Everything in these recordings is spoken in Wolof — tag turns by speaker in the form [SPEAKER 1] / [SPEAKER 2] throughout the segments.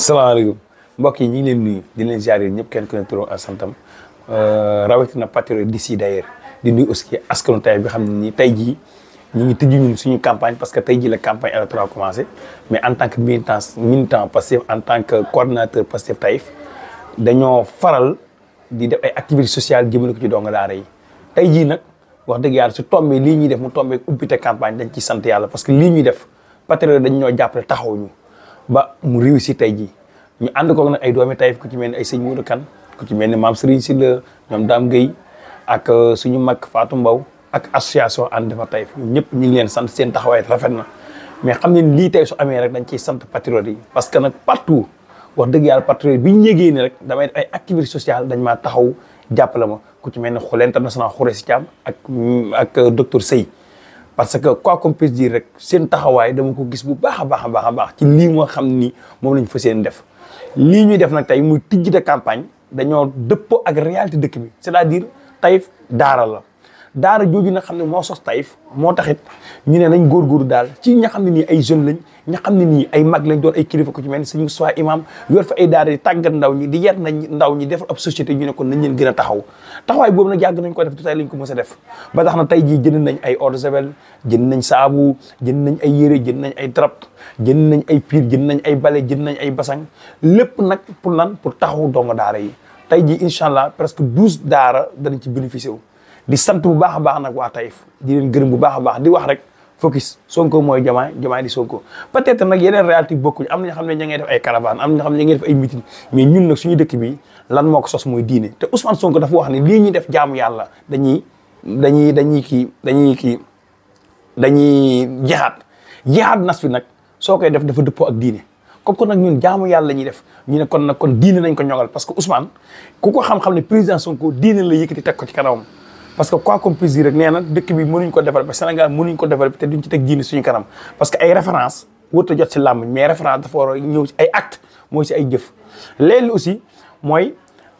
[SPEAKER 1] salaamaaleykum mbokk yi ñu leen nuyu di leen ziar ñëpp kenn ku ne turam ak santam euh, rawatina patriote d'ici d'ailleurs di nuyu aussi askanu tay bi xam ne nii tey jii ñu ngi tëj ñun suñu campagne parce que tey jii la campagne électorale commencé mais en tant que militant militant Pastef en tant que coordonnateur Pastef Taïf dañoo faral di def ay activités sociales jëmale ko ci doo daara yi tey jii nag wax dëgg yàlla su tombé lii ñuy def mu tombé ubbite campagne dañ ci sant yàlla parce que lii ñuy def patriote dañ ñoo jàppale taxaw ñu ba mu réussi tey ji ñu ànd koog nag ay doomi Taïf ku ci mel ni ay sëñ Modou kan ku ci mel ni maam Serigne Sylla ñoom Dame Gueye ak euh, suñu mag faatu Mbaw ak association ànd defar Taïf ñoom ñëpp ñu ngi leen sant seen taxawaay rafet na mais xam ne lii tey su amee rek dañ ciy sant patriote yi parce que nag partout wax dëgg yàlla patriote bi ñu yégee ni rek damay def ay activité sociale dañ maa taxaw jàppale ma ku ci mel ni xol international xure si caam ak ak euh, docteur Sey parce que quoi qu'on puisse dire rek seen taxawaay dama ko gis bu baax a baax a baax a baax ci lii moo xam ni moom lañ fa seen def lii ñuy def nag tey muy tijji de campagne dañoo dëppoo ak réalité dëkk bi c'est-à-dire Taïf daara la daara jooju na xam ne moo sos Taïf moo taxit ñu ne nañ góorgóorlu daal ci ña xam ne nii ay jeunes lañ ña xam ne nii ay mag lañ doon ay kilifa ko ci mel ni suñu soit imam yor fa ay daara di tàggat ndaw ñi di yar nañ ndaw ñi defal ab société ñu ne nañ leen gën a taxaw taxawaay boobu nag yàgg nañ ko def du tey lañ ko mës a def ba tax na tey jii jënd nañ ay eau de javel jënd nañ saabu jënd nañ ay yére jënd nañ ay drap jënd nañ ay piir jënd nañ ay bale jënd nañ ay basang lépp nag pour lan pour taxaw dongo daara yi tey ji incha allah presque douze daara danañ ci bénéficier wu di sant bu baax a baax nag waa Taïf di leen gërëm bu baax a baax di wax rek focus Sonko mooy jamaay jamaay di Sonko peut-être nag yeneen réalité bokkuñ am na ñoo xam ne ña ngay def ay caravane am na ñoo xam ne ña ngay def ay suñu dëkk bi lan moo ko sos mooy diine te Ousmane Sonko dafa wax ne lii ñuy def jaamu yàlla dañuy dañuy dañuy kii dañuy kii dañuy jihaad jihaad nas fi nag soo koy def dafa dëppoo ak diine ko kon nag ñun jaamu yàlla la ñuy def ñu ne kon nag kon diine nañ ko ñogal parce que Ousmane ku ko xam-xam ne président Sonko diine la yëkkati teg ko ci kanamam parce que quoi qu'on puisse dire rek nee na dëkk bi mënuñ ko développer Sénégal mënuñ ko développer te duñ ci teg diine suñu kanam parce que ay référence wërta jot si làmb mais référence dafa war a ñëw ci ay acte mooy si ay jëf léegi aussi mooy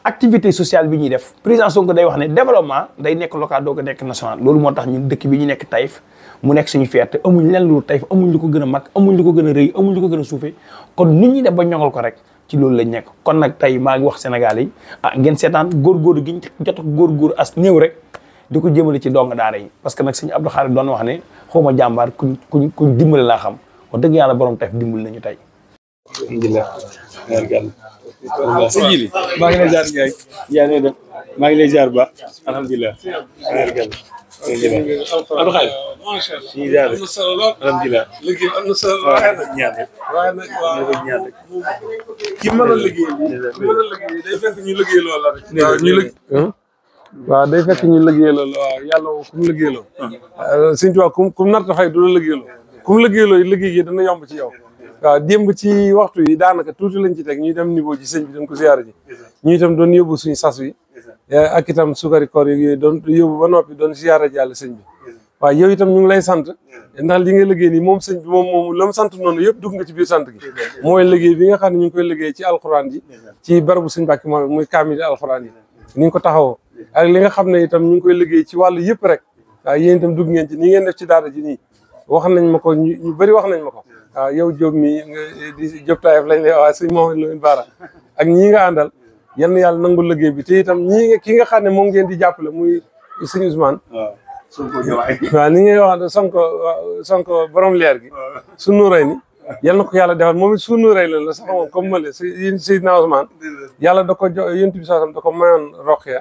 [SPEAKER 1] activité sociale bi ñuy def président Sonko day wax ne développement day nekk local doo ko nekk national loolu moo tax ñun dëkk bi ñu nekk Taïf mu nekk suñu fierté amuñ leen lu Taïf amuñ lu ko gën a mag amuñ lu ko gën a rëy amuñ ko gën a suufee kon nit ñi def ba ñongal ko rek ci loolu lañ nekk kon nag tey maa ngi wax Sénégal ah ngeen seetaan góorgóorlu gi ñu jot a as néew rek di ko jëmale ci dong daara yi parce que nag sëñ Abdou Khadre doon wax ne xawma jàmbaar kuñ kuñ kuñ dimbale laa xam wax dëgg yàlla borom taf dimbali nañu tey alhamdulilah sëñ Jili maa ngi lay jaar Ndiaye yaa ngi dem maa ngi lay jaar ba alhamdulilah Abdou
[SPEAKER 2] Khadre ñu ngi jaar alhamdulilah liggéey am na solo waaye nag ñaan waaye nag waaw ñaan ki mën a liggéey bi mën a liggéey day fekk ñu liggéey loola rek ñu liggéey waaw day fekk ñu liggéeyaloo loo yàlla woo ku mu liggéeyaloo ah. euh, Sëñ Tuubaa ku ku mu nar dafay la liggéeyaloo ku mu liggéeyaloo liggéey yi dana yomb ci yow waaw démb ci waxtu yi daanaka tuuti lañ ci teg ñuy dem niveau ci sëñ bi doon ko ziyaara ji ñu itam doon yóbbu suñu sas wi eh, ak itam sukari koor yooyu doon yóbbu ba noppi doon ziyaara ji yàlla sëñ bi waaw yow itam ñu ngi lay sant ndax li nga liggéey ni moom sëñ bi moom moom la sant noonu yëpp dugg nga ci biir sant gi mooy liggéey bi nga xam ne ñu ngi koy liggéey ci alxuraan ji ci barabu sëñ Bàkki moom muy kaamil alxuraan yi ni nga ko taxawoo ak li nga xam ne itam ñu ngi koy liggéey ci wàllu yëpp rek waaw yéen itam dugg ngeen ci ni ngeen def ci daara ji nii wax nañ ma ko ñu bëri wax nañ ma ko waaw yow Diop mi nga di Diop Taïf lañ lay waaw sëñ Mohamed ak ñii nga àndal yal na yàlla nangul liggéey bi te itam ñii nga ki nga xam ne moom geen di jàppale muy sëñ Ousmane Sonko waaw Sonko Sonko borom leer gi su nuuray yal na ko yàlla defal moom it su nuuray la la sax yàlla da ko jo yéntu bi sax da ko mayoon Roqya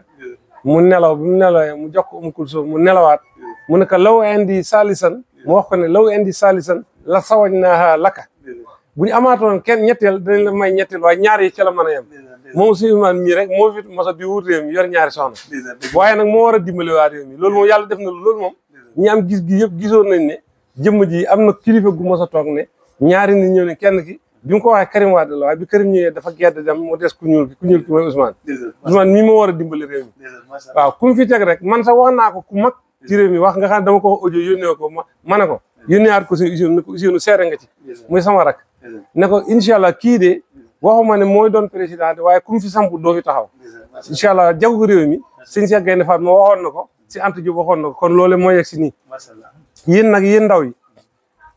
[SPEAKER 2] mu nelaw bi mu nelawee mu jox ko um mu nelawaat hmm. mu ne law indi saalisan hmm. mu wax ko ne law indi saalisan la sawañ naaha lakka hmm. bu ñu amaatoon kenn ñetteel dañ la may ñetteel waaye ñaari yi ca yam mën a yem moom suñu man mii rek moo fi mos a di wut réew yor ñaari soxna waaye nag moo war a dimbali waa mi loolu moom yàlla def na loolu moom ñi am gis gi yëpp gisoon nañ ne jëmm ji am na kilifa gu mos a toog ne ñaari nit ñëw kenn ki bi mu ko waxee Karim Wade la waaye bi Karim ñëwee dafa gedd dem mu des ku ñuul ki ku ñuul ki mii moo war a dimbali réew mi waaw ku fi teg rek man sa wax naa ko ku mag ci réew mi wax nga xam dama ko wax audio yónnee ko ma ne ko yónneewaat ko si usine ne ko usine seere nga ci muy sama rak ne ko allah kii de waxuma ne mooy doon président de waaye ku mu fi samp doo fi taxaw incha allah jagu réew mi sëñ Cheikh Gaynde Fatma waxoon na ko si Anta ji waxoo na ko kon loole moo yegg si nii yéen nag yéen ndaw yi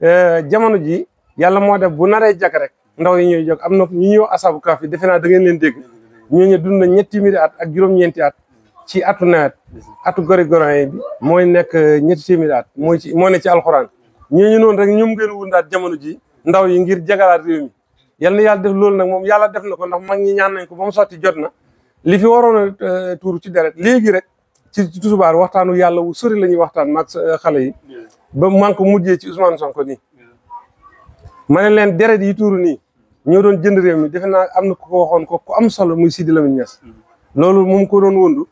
[SPEAKER 2] eh, jamono ji yàlla moo def bu naree jag rek ndaw yi ñooy jóg am na ñu ñuy wax asabu kaaf yi defe naa da ngeen leen dégg ñooñu dund na ñetti téeméeri at ak juróom-ñeenti at ci atu nawet atu gori goron bi mooy nekk euh, ñetti téeméeri at mooy ci moo ne ci alxuraan ñooñu noonu rek ñoom ngeen wundaat jamono ji ndaw yi ngir jagalaat réew mi yàlla def loolu nag moom yàlla def na ko ndax mag ñi ñaan nañ ko ba mu sotti jot na li fi waroon a euh, tuur ci deret léegi rek ci tusubaar waxtaanu yàlla wu sori la ñuy waxtaan maag euh, xale yi ba man ko mujjee ci Ousmane Sonko ma ne leen deret yi tuuru ni ñoo doon jënd réew mi defe naa am na ku ko waxoon ko ku am solo muy Sidi Lamine Niass loolu moom ko doon wëndu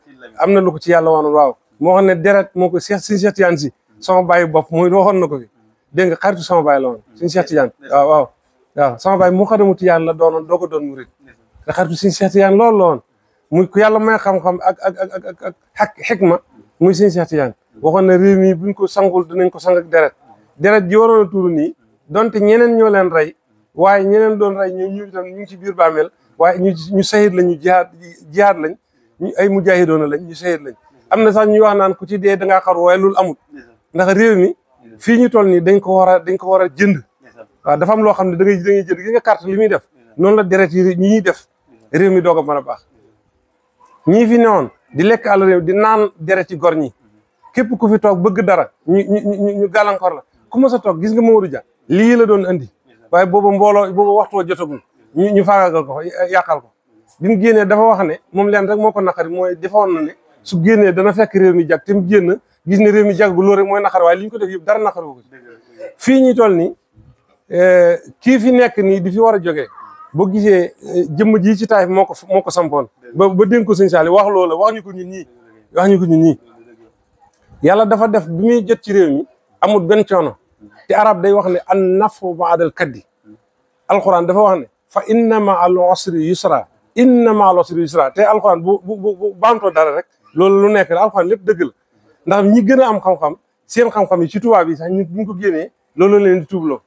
[SPEAKER 2] am na lu ko ci yàlla woon waaw moo xam ne deret moo ko Cheikh Sëñ Cheikh Tidiane si sama bàyyi bopp mooy waxoon na ko fi nga xaritu sama bàyyi la woon Sëñ Cheikh Tidiane waaw waaw waaw sama bàyyi moo xadamuti yàlla la doonoon doo ko doon murit te xaritu Sëñ Cheikh loolu la woon muy ku yàlla may xam ak ak ak ak ak ak xikma muy Sëñ Cheikh Tidiane waxoon na réew mi buñ ko sangul ko sang ak deret deret ji waroon a tuuru nii donte ñeneen ñoo leen rey waaye ñeneen doon rey ñoom ñu itam ñu ngi ci biir bàmmeel waaye ñu ñu sahid lañu jihaad jihaad lañ ñu ay mujaahidoona lañ ñu sahid lañ am na sax ñuy wax naan ku ci dee da xar woy waaye loolu amul ndax réew mi fii ñu toll nii dañ ko war a dañ ko war a jënd dafam loo xam ne da ngay da jënd gi nga carte li muy def noonu la deret yi ñi ñuy def réew mi doog a mën a baax ñii fi newoon di lekk àll réew di naan deret ci gor ñi képp ku fi toog bëgg dara ñu ñu ñu gàllankoor la ku mës a toog gis nga Mamadou Dia lii la doon indi waaye boobu mbooloo boobu waxtu wa jotagul ñu ñu faagaagal ko yàqal ko bi mu génnee dafa wax ne moom leen rek moo ko naqari mooy defoon na ne su génnee dana fekk réew mi jag te mu génn gis ne réew mi jag rek mooy naqar waaye li ko def yëpp dara naqar fii ñu toll nii eh, kii fi nekk nii di fi war a jógee boo gisee eh, jëmm jii ci taay moo ko moo ko sampoon ba ba dénk ko sëñ wax loola wax ñu ko ñun ñii wax ñu ko ñun ñii yàlla dafa def bi muy jot ci réew mi amul benn coono te arab day wax ne an nafru baadal kaddi alquran dafa wax ne fa inna ma al usri yusra inna ma al usri yusra te alquran bu bu bu baamtoo dara rek loolu lu nekk la alquran lépp dëgg la ndax ñi gën a am xam-xam seen xam-xam yi ci tubaab yi sax ñu buñ ko génnee loolu leen di tuubloo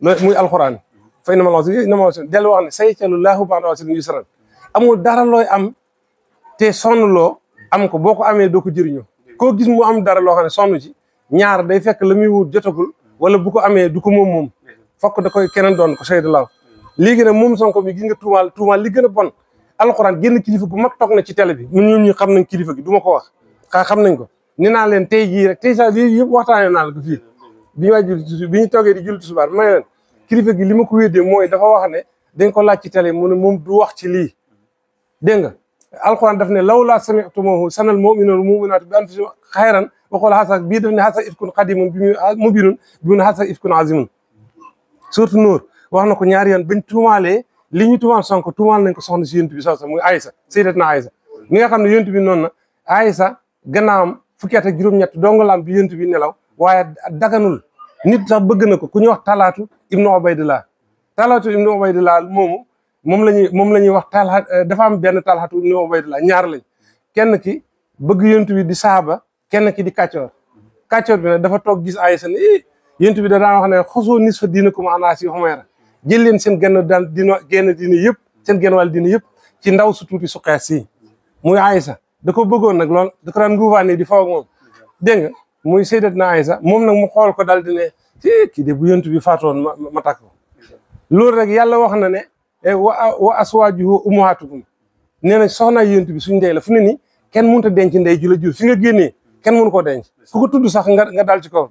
[SPEAKER 2] muy alquran fa inna ma al usri inna ma al usri dellu wax ne saycalu laahu baadal usri yusra amul dara looy am te sonn loo am ko boo ko amee doo ko jëriñoo koo gis mu am dara loo xam ne sonn ci ñaar day fekk la muy wut jotagul wala bu ko amee du ko moom moom fokk da koy keneen doon ko Seydou Law léegi nag moom Sonko bi gis nga tuumaal tuumaal li gën a bon alxuraan génn kilifa gu mag toog na ci télé bi mu ñoom ñu xam nañ kilifa gi du ma ko wax xaa xam nañ ko ni naa leen tey jii rek tey saa lii naa la ko fii bi ñu waaj julli bi ñu toogee di li ma ko wéddee mooy dafa wax dañ ko laaj ci télé mu ne moom du wax ci lii dégg nga alxuraan daf ne law laa sami'tumuhu sanal mu'minuuna wal mu'minaatu bi anfusihim xayran waxool xasa bii daf ne xasa ifkun xadimun bi mubinun bi mun xasa ifkun azimun surtout Noor wax na ko ñaari yoon bañ tuumaalee li ñu tuumaal Sonko tuumaal nañ ko soxna si yonent bi sax muy Aysa sayyidatna Aysa mi nga xam ne yonent bi noonu na Aysa gannaawam fukki at ak juróom-ñett dongalaam bi yonent bi nelaw waaye daganul nit sax bëgg na ko ku ñuy wax talaatu ibnu Ubaydillah talaatu ibnu Ubaydillah moomu moom la ñuy moom la ñuy wax talha dafa am benn talxatu ibnu Ubaydillah ñaar lañ kenn ki bëgg yonent bi di saaba kenn ki di kàccoor kàccoor bi nag dafa toog gis Aysa ne yént bi da daan wax ne xosoo nis fa diina ko maanaa si xumeera jël leen seen genn daan diina genn diina yëpp seen genn wàll diina yëpp ci ndaw su tuuti su xees si muy Aysa da ko bëggoon nag lool da ko daan di faw ak moom dégg nga muy saydat na Aysa moom nag mu xool ko daal di ne kii de bu yént bi faatoon ma ma takk ko loolu rek yàlla wax na ne eh, wa aswaajuhu ummahaatukum nee na soxnaa yént bi suñ ndey la fu ne nii kenn mënut a denc ndey ju la jur fi nga génnee kenn mënu koo denc ku ko tudd sax nga nga dal ci kaw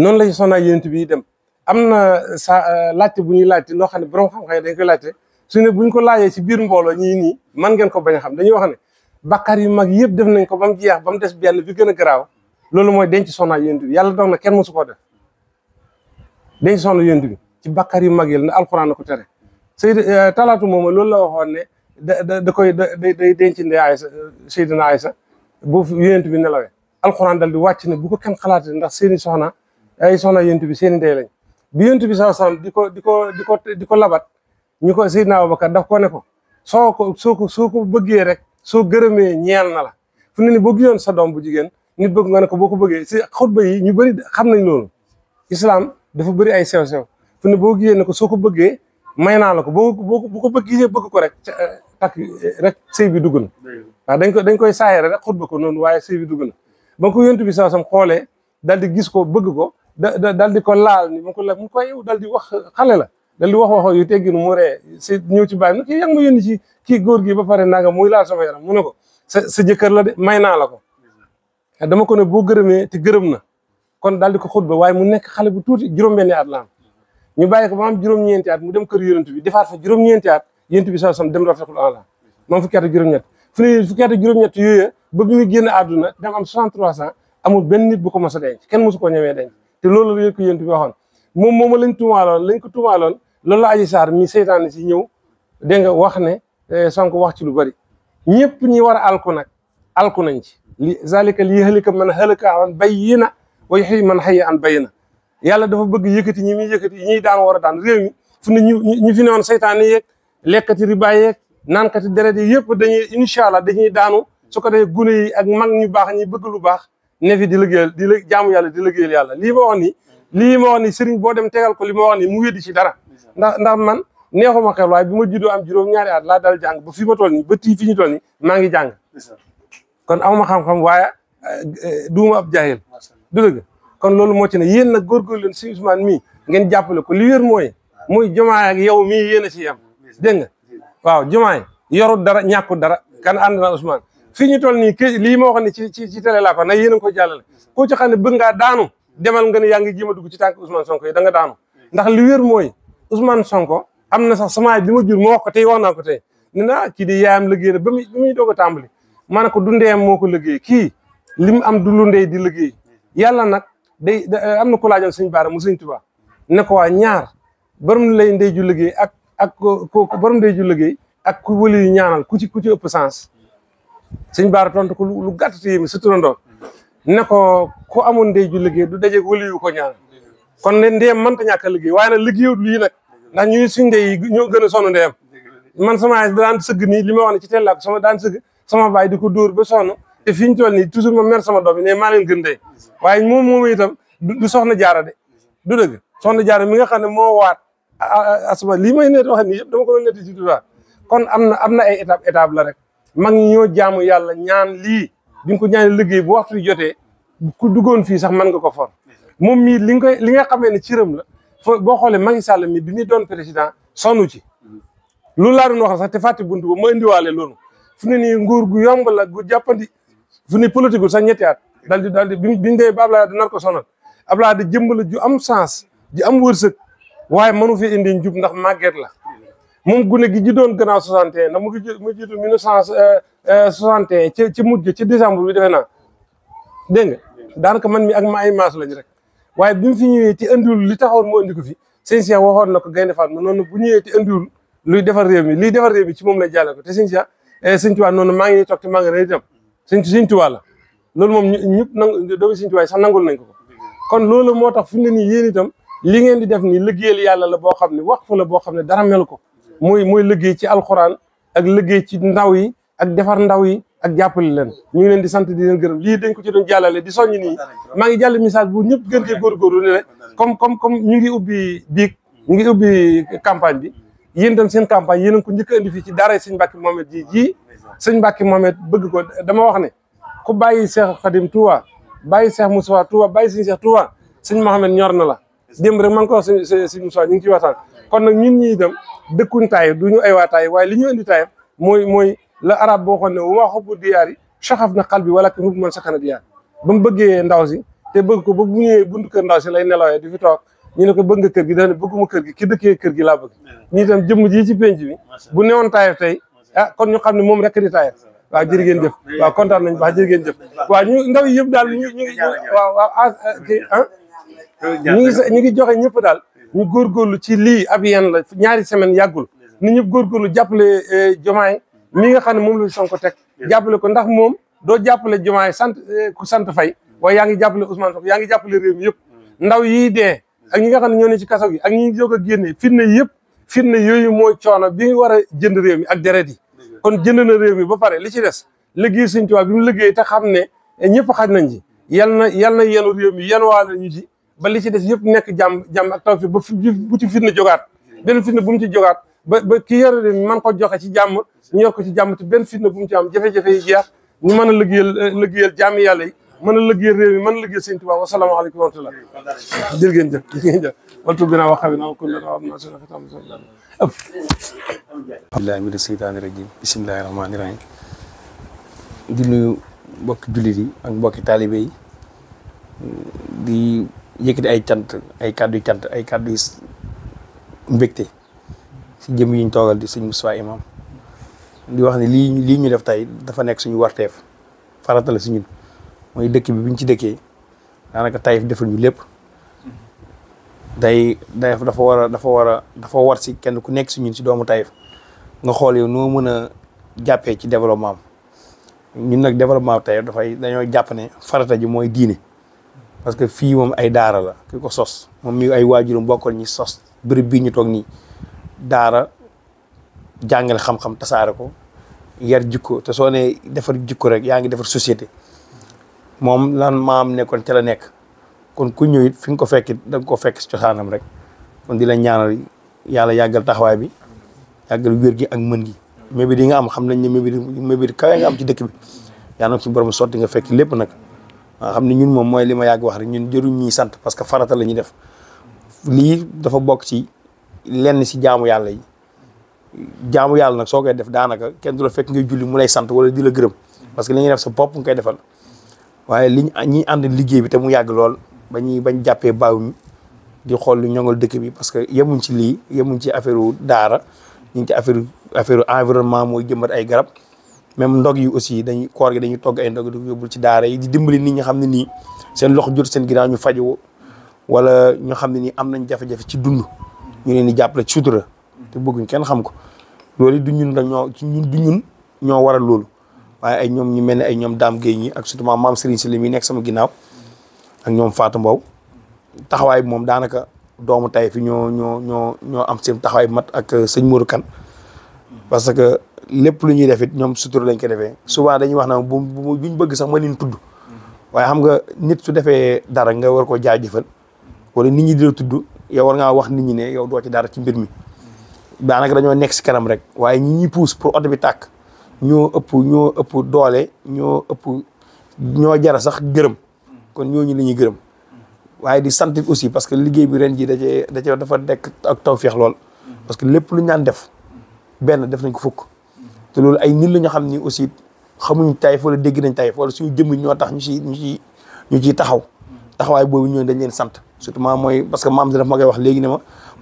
[SPEAKER 2] noonu la soxna yonent bi dem am na sa euh, laajte bu ñuy laajte loo xam ne borom xam-xam laajte su ne buñ ko laajee ci biir mbooloo ñii nii man ngeen ko bañ a xam dañuy wax ne bakkaar yu mag yëpp def nañ ko ba mu jeex ba mu des benn bi gën a garaaw loolu mooy denc soxna yonent bi yàlla doon na kenn mosu koo def denc soxna yonent bi ci bakkaar yu mag yi la alxuraan na ko tere sëy euh, talaatu moom loolu la waxoon ne da da da koy da day denc ndey Aysa Seydina Aysa boo yonent bi nelawee alxuraan dal wàcc ne bu ko kenn xalaatee ndax seeni soxna ay soxna yonent bi seeni ndey lañ bi yonent bi saa salaam di ko di ko di ko di ko labat ñu ko Seydina Abubakar daf ko ne ko soo ko soo ko soo bëggee rek soo gërëmee ñeel na la fu ne ni boo yoon sa doom bu jigéen nit bëgg nga ne ko boo ko bëggee si xutba yi ñu bëri xam nañ loolu islam dafa bëri ay sew fu ne boo gisee ne ko soo ko bëggee may naa la ko boo ko bëggee bëgg ko rek takk rek sëy bi dugg na waaw dañ ko dañ koy saayare rek xutba ko noonu waaye sëy bi dugg na ba ko yontu bi saasam xoolee dal di gis ko bëgg ko da dal di ko laal ni mu ko la mu koy dal di wax xale la dal di wax waxoo yu tegginu mu ree si ñëw ci bàyyi na kii yang ma kii góor gi ba pare nanga muy laal sama yaram mu ne ko sa sa jëkkër la de may naa la ko dama ko ne boo gërëmee te gërëm na kon daal di ko xutba waaye mu nekk xale bu tuuti juróom-benni at la am ñu bàyyi ko ba am juróom-ñeenti at mu dem kër yonent bi defaat fa juróom-ñeenti at yént bi saa sam dem rafetul ala moom fukki at ak juróom-ñett fu ne fukki at ak juróom-ñett yooyu ba bi muy génn àdduna dem am 63 ans amul benn nit bu ko mos a denc kenn mosu koo ñemee denc te loolu la ko yént bi waxoon moom mooma lañ tumaaloon lañ ko tumaaloon loolu la aji saar mi seytaane si ñëw dégg nga wax ne eh, Sonko wax ci lu bari ñëpp ñi war a alku nag alku nañ ci li zalika li halika man halaka an bayyina wa yuhyi man hayya an bayyina yàlla dafa bëgg yëkkati ñi mu yëkkati ñiy daan war a daan réew mi fu ne ñu ñu fi newoon seytaane yeeg lekkati ribaay yeeg naankati deret yi yëpp dañuy incha allah dañuy daanu su ko defee gune yi ak mag ñu baax ñi bëgg lu baax ne fi di liggéeyal di jaamu yàlla di liggéeyal yàlla lii ma wax ni lii ma wax ni sëriñ boo dem tegal ko li ma wax ni mu weddi ci dara ndax ndax man neexuma xel waaye bi ma juddoo am juróom-ñaari at laa dal jàng ba fi ma toll nii ba ñu toll nii ngi jàng kon awma xam-xam waaye eh, duuma ab jaahil du dëgg kon loolu moo ci ne yéen nag góorgóorlu leen si Ousmane mii ngeen jàppale ko li wér mooy muy jomaay ak yow mi yéen a ci dégg nga waaw Diomaye yorut dara ñàkkut dara kan ànd na Ousmane fii ñu toll nii kii lii moo xam ne ci ci ci télé laa ko na yéen a ngi koy ne bëgg ngaa daanu demal nga ne yaa ngi jéem a dugg ci tànk Ousmane Sonko yi da nga daanu ndax li wér mooy Ousmane Sonko am na sax samaay bi jur mo wax ko tey wax naa ko tey ne naa kii di yaayam liggéey na ba muy ba muy doog a tàmbali ma ne ko du ndeem moo ko liggéey kii li mu am du lu ndey di liggéey yàlla nag day am na ku laajoon suñu baara mu suñ tuba ne ko waa ñaar barum lay ndey ju liggéey ak ak ku borom day ju liggéey ak ku wëli ñaanal ku ci ku ci ëpp sens sëñ baara tontu ko lu gàtt te yéeme surtout ndoo ne ko ku amoon day ju liggéey du daje wëli yu ko ñaanal kon ne ndeem mënta ñàkk a liggéey waaye nag liggéeyut lii nag ndax ñuy suñ ndey ñoo gën a sonn ndeem man sama daan sëgg nii li ma wax ne ci teel laa ko sama daan sëgg sama baay di ko dóor ba sonn te fi ñu toll nii toujours ma mer sama doom yi ne maa leen gën dee waaye moom moom itam du soxna jaara de du dëgg soxna jaara asma lii may net wax nii yëpp dama ko doon netti du daa kon am na am na ay étape la rek mag ñoo jaamu yàlla ñaan lii bi nga ko ñaanee liggéey bu waxtu jotee ku duggoon fii sax mën nga ko for moom mii li nga koy li nga xamee ne cëram la fo boo xoolee Macky Sall mi bi muy doon président sonnu ci loolu laa doon wax sax te fàtte buntu ba ma indiwaale loolu fu ne nii nguur gu yomb la gu jàppandi fu ne politique gu sax ñetti at dal di dal di bi ñu dee ba Abdoulaye di nar ko sonal Abdoulaye di jëmbala ju am sens ju am wërsëg waaye mënu fi indi njub ndax màgget la moom gune gi ji doon gannaaw 61 ndax mu ngi ji mu jiitu 1961 euh, ci ci mujj ci décembre bi defe naa dégg nga daanaka man mi ak ma ay maas lañ rek waaye bi mu fi ñëwee ci andiwul li taxoon mu andi ko fi sëñ Cheikh waxoon na ko Gaynde Fatma noonu bu ñëwee ci andiwul luy defar réew mi defar réew ci moom lay jàllale ko te sëñ Cheikh euh, sëñ Tuubaa noonu maa ngi nii toog te maa ngi rëy itam sëñ sëñ Tuubaa la loolu moom ñëpp nangu doomi sëñ Tuubaa sax nangul nañ ko kon loolu moo tax fu mu ne nii yéen itam li ngeen di def ni liggéeyal yàlla la boo xam ne wax fu la boo xam ne dara mel ko muy muy liggéey ci alxuraan ak liggéey ci ndaw yi ak defar ndaw yi ak jàppale leen ñu ngi leen di sant di leen gërëm lii dañ ko ci doon jàllale di soññ nii maa ngi jàll message bu ñëpp gën cee góorgóorlu ne rek comme comme ñu ngi ubbi biig ñu ngi ubbi campagne bi yéen itam seen campagne yéen ko njëkk a indi fii ci daara sëñ Mbàkke Mohamed ji jii sëñ mbàkki Mohamed bëgg ko dama wax ne ku bàyyi Cheikh Khadim Touba bàyyi Cheikh Moussa Touba bàyyi sëñ Cheikh Touba sëñ Mohamed ñor na la démb rek maa ngi ko wax si si Moussa ñu ngi ciy waxtaan kon du ñu ay waa waaye li ñu indi Taïf mooy mooy la arab boo xam ne wa maa xubbu diyaar yi saxaf na xal bi wala ki hubbu man sakana diyaar ba mu bëggee ndaw si te bëgg ko ba bu ñëwee buntu kër ndaw si lay nelawee di fi ñu ne ko gi dafa ne bëgguma kër gi ki dëkkee kër gi laa bëgg ñii itam jëmm bi bu newoon Taïf tey ah kon ñu xam ne moom rek di Taïf waaw jërë ngeen jëf waaw kontaan nañ baax jërë ngeen jëf waaw ñu ndaw yi yëpp daal ñu ñu waaw waaw ah, ah, ah? ñu ñu ngi joxe ñëpp daal ñu góorgóorlu ci lii ab yeen la ñaari semaine yàggul nu ñëpp góorgóorlu jàppale Jomaay eh, mi nga xam ne moom la Sonko teg jàppale ko ndax moom doo jàppale Jomaay sant eh, ku sant Faye waaye yaa ngi jàppale Ousmane Sonko yaa ngi jàppale réew yëpp mm. ndaw yi de a ñi nga xam ne ñoo ne ci kaso gi ak ñi jóg a génne fitna yëpp fitna yooyu mooy coono bi nga war a jënd réew mi ak deret yi kon jënd na réew mi ba pare li ci des liggéey Sëñ Tuubaa bi mu liggéey te xam ne ñëpp xaj nañ ci yal na yal na yenu réew mi yenuwaale ñu ci ba li ci des yëpp nekk jàmm jàmm ak tawfiq ba bu ci fitna jógaat benn fitna bu mu ci jogaat ba ba ki yore man ko joxe ci jàmm ñu yor ko ci jàmm te benn fitna bu ci am jafe-jafe yi jeex ñu mën a liggéeyal liggéeyal jaami yàlla yi mën a liggéeyal réew mi mën a liggéeyal seen tubaab wasalaamaaleykum wa rahmatulah jërë ngeen bi naa wax xam naa ko am naa seen xatam ëpp
[SPEAKER 1] billahi mina seytaani rajim bismillahi rahmaani rahim di nuyu mbokki jullit yëkkati ay cant ay kàddu yu cant ay kàddu yu mbégte si jëm yi ñu toogal di suñ Moustapha Imam di wax ne lii lii ñu def tey dafa nekk suñu warteef farata la si mooy dëkk bi bi ñu ci dëkkee daanaka Taïf defal ñu lépp day day dafa war a dafa war a dafa war si kenn ku nekk si ñun si doomu Taïf nga xool yow noo mën a jàppee ci développement am ñun nag développement Taïf dafay dañoo jàpp ne farata ji mooy diine. parce que fii moom ay daara la ki ko sos moom mi ay waajuram bokkal ñi sos bërëb bii ñu toog nii daara jàngale xam-xam tasaare ko yar jikko te soo nee defar jikko rek yaa ngi defar societé moom lan maam nekkoon te la nekk kon ku ñëw fi nga ko fekkit da nga ko fekk si cosaanam rek kon di la ñaanal yàlla yàggal taxawaay bi yàggal wér gi ak mën gi mébét yi nga am xam nañ ne mébét mébét kawe nga am ci dëkk bi yàlla na ci borom sotti nga fekk lépp nag nga xam ne ñun moom mooy li ma yàgg wax rek ñun jëruñ sant parce que farata la ñuy def lii dafa bokk ci lenn si jaamu yàlla yi jaamu yàlla nag soo koy def daanaka kenn du la fekk ngay julli mu lay sant wala di la gërëm parce que li ñuy def sa bopp nga koy defal waaye liñ ñi ànd liggéey bi te mu yàgg lool ba ñuy bañ jàppee baaw mi di xool lu ñongal dëkk bi parce que yemuñ ci lii yemuñ ci affaire daara ñu ngi ci affaire affaire environnement mooy jëmbat ay garab même ndog yi aussi dañuy koor gi dañuy togg ay ndog yóbbul ci daara yi di dimbali nit ñi xam ne nii seen loxo jur seen ginnaaw ñu fajoo wala ñu xam ne nii am nañ jafe-jafe ci dund ñu leen di jàppale ci sutura te bëgguñ kenn xam ko loolu du ñun dañoo ci ñun du ñun ñoo waral loolu waaye ay ñoom ñu mel ne ay ñoom Dame Guèye ñi ak surtout maam Serigne si li muy nekk sama ginnaaw ak ñoom Fatou Mbow taxawaay bi moom daanaka doomu tay fi ñoo ñoo ñoo ñoo am seen taxawaay mat ak euh, sëñ Modou Kane lépp lu ñuy def it ñoom sutura lañ ko defee souvent dañuy wax na bu bu buñ bëgg sax ma leen tudd waaye xam nga nit su defee dara nga war ko jaajëfal wala nit ñi di la tudd yow war ngaa wax nit ñi ne yow doo ci dara ci mbir mi daanaka dañoo nekk si kanam rek waaye ñi ñi pousse pour oto bi tàkk ñoo ëpp ñoo ëpp doole ñoo ñoo jara sax gërëm kon ñooñu la ñuy gërëm waaye di sant aussi parce que liggéey bi ren ji dacee dafa nekk ak tawféex lool parce que lépp lu ñaan def benn def nañ ko fukk te loolu ay nit la ñu xam ni aussi xamuñ Taïf wala dégg nañ Taïf wala suñu jëmm ñoo tax ñu ci ñu ci ñu ciy taxaw taxawaay boobu ñooñu dañ leen sant surtout maam mooy parce que maam daf ma koy wax léegi ne ma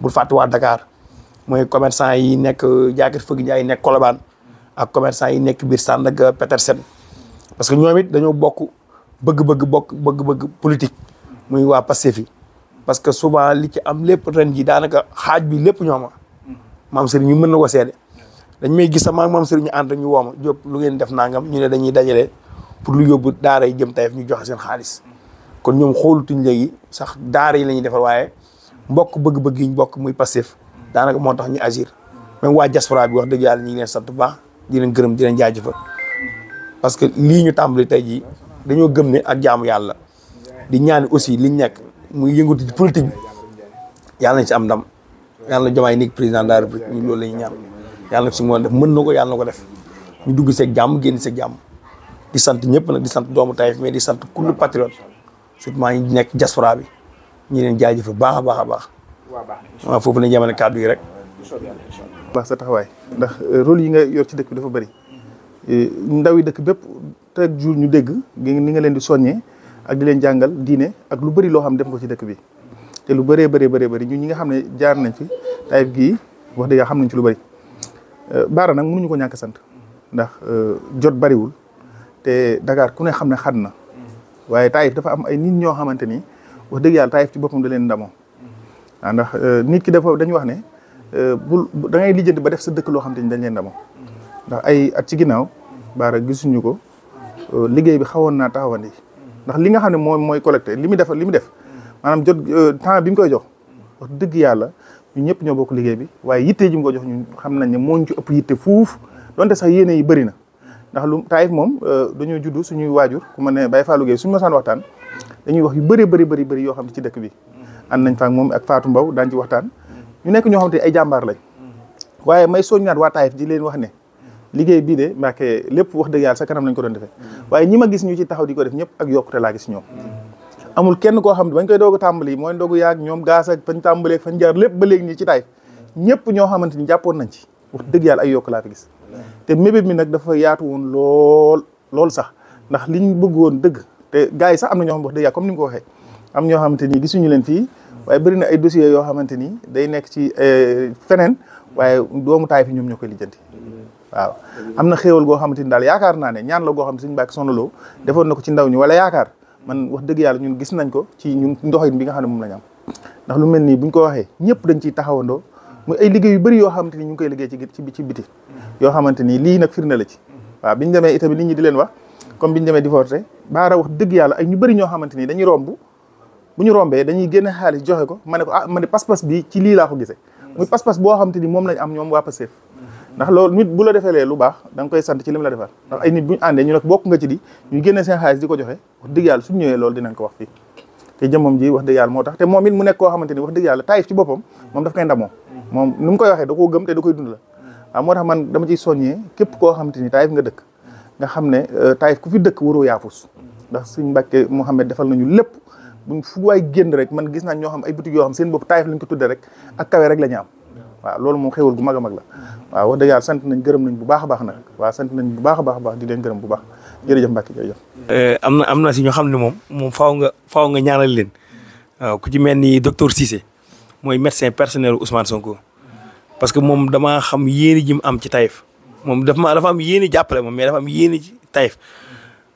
[SPEAKER 1] fàtte waa Dakar mooy commerçant yi nekk jaakir fëgg njaay yi nekk Colobane ak commerçant yi nekk biir Sandaga Petersen parce que ñoom it dañoo bokk bëgg-bëgg bokk bëgg-bëgg politique muy waa Pastef yi parce que souvent li ci am lépp ren ji daanaka xaaj bi lépp ñooma maam sëriñ ñu mën na ko seede dañ may gis sama maam sëriñ ñu ànd ñu wooma Diop lu ngeen def nangam ñu ne dañuy dajale pour lu yóbbu daara yi jëm tayef ñu joxe seen xaalis kon ñoom xoolutuñ léegi sax daara yi la ñuy defal waaye mbokk bëgg-bëgg yi ñu bokk muy passif daanaka moo tax ñu agir même waa diaspora bi wax dëgg yàlla ñu ngi leen sant bu baax di leen gërëm di leen jaajëfal parce que lii ñu tàmbali tey jii dañoo gëm ne ak jaamu yàlla di ñaan aussi liñ nekk muy yëngatu ci politique bi yàlla ci am ndam yàlla jomaay nekk président de la république ñu loolu la ñuy yàlla na ko suñu def mën na ko yàlla ko def ñu dugg seeg jàmm génn seeg jàmm di sant ñëpp nag di sant doomu Taïf mais di sant kullu patriote surtout maa ngi nekk diaspora bi ñu leen jaajëfal
[SPEAKER 3] baax a baax a baax. waa foofu lañ yemale kàddu yi rek. baax sa taxawaay ndax euh, rôle yi nga yor ci dëkk bi dafa bëri euh, ndaw yi dëkk bépp te jour ñu dégg ni nga leen di soññee ak di leen jàngal diine ak lu bari loo xam def ko ci dëkk bi te lu bëree bëree bari ñu ñi nga xam ne jaar nañ ci Taïf gii wax dëgg xam nañ ci lu bëri. Baara nag mënuñu ko ñàkk sant ndax euh, jot bariwul te Dakar ku ne xam ne xat na waaye Taïf dafa am ay nit ñoo xamante ni wax dëgg yàlla Taïf ci boppam da leen ndamoo ah ndax euh, nit ki dafa dañu wax ne euh, bul da ngay lijjanti ba def sa dëkk loo xamante ni dañ leen ndamoo ndax ay at ci ginnaaw Baara gisuñu ko liggéey bi xawoon naa taxawandi ndax li nga xam ne moom mooy collecté li mu def li mu def maanaam jot temps bi mu koy jox wax dëgg yàlla ñu ñëpp ñoo bokk liggéey bi waaye yitte ji mu ko jox ñun xam nañ ne moo ñu ci ëpp yitte fuuf donte sax yéene yi bëri na ndax lu taayif moom euh, dañoo juddu suñuy waajur ku ma ne Baye Fallou Gueye suñu masaan waxtaan dañuy wax yu bëri yoo xam ne ci dëkk bi ànd nañ fa moom ak Fatou Mbaw daan ci waxtaan ñu nekk ñoo xam te ay jàmbaar lañ waaye may soññaat waa taayif di leen wax ne liggéey bii de Mbàkke lépp wax dëgg yàlla sa kanam lañ ko doon defee waaye ñi ma gis ñu ci taxaw di ko def ñëpp ak yokkute laa gis ñoom amul kenn koo xam ne bañ koy doog a tàmbali mooy ndogu yaag ñoom gaas ak fañ tàmbalee fañ jaar lépp ba léegi nii ci tay ñëpp ñoo xamante ni jàppoon nañ ci wax dëgg yàlla ay yokk laa te mébét mi nag dafa yaatu woon lool lool sax ndax liñ bëggoon dëgg te gars yi sax am na wax dëgg comme ni mu ko waxee am ñoo xamante ni gisuñu leen fii waaye bëri na ay dossiers yoo xamante ni day nekk ci eh, feneen waaye doomu taay fi ñoom ñoo koy lijjanti waaw am na xéewal goo xamante ni daal yaakaar naa ne ñaan la goo xam ne suñu bàkk sonaloo defoon na ko ci ndaw ñi wala yaakaar man wax dëgg yàlla ñun gis nañ ko ci ñun ndoxin bi nga xam ne moom lañ am ndax lu mel nii buñ ko waxee ñëpp dañ ciy taxawandoo muy ay liggéey yu bëri yoo xamante lii nag firnde la ci waaw biñu itamit nit ñi di leen wax comme biñu demee di forcé wax dëgg yàlla ay ñu bëri ñoo xamante ni romb bu ñu rombee dañuy génn xaalis joxe ko ma ko ah ma ne bi ci lii laa ko gisee muy pas-pas boo xamante moom lañ am ñoom waa Pastef ndax loolu nit bu la defalee lu baax da nga koy sant ci lim la defal ndax ay nit bu ñu àndee ñu ne bokk nga ci di ñu génne seen xaalis di ko joxe wax dëgg yàlla suñu ñëwee loolu dinañ ko wax fii te jëmmam ji wax dëgg yàlla moo tax te moom it mu nekk koo xamante ni wax dëgg yàlla taayif ci boppam moom daf koy ndamoo moom ni mu koy waxee da koo gëm te da koy dund la waaw moo tax man dama ciy soññee képp koo xamante ni taayif nga dëkk nga xam ne euh, taayif ku fi dëkk waroo yaafus ndax suñ Mbàkke Mouhamed defal nañu lépp buñ fu waay génn rek man gis naa ñoo xam ay boutique yoo seen bopp taayif ko tudde rek ak kawe rek la ñu am waaw loolu moom xéwal gu mag a mag la waaw wax na yàlla sant gërëm nañ bu baax baax nag waaw sant nañ baax a baax di leen gërëm bu baax jërëjëf Mbacke jërëjëf
[SPEAKER 1] eh, na am na si ñoo xam ne moom moom faaw nga faaw nga ñaanal leen ku ci mel ni docteur Cissé mooy médecin personnel Ousmane Sonko parce que moom damaa xam yéene ji am ci Taïf moom dafa ma dafa am yéene jàppale moom mais dafa am yéene ci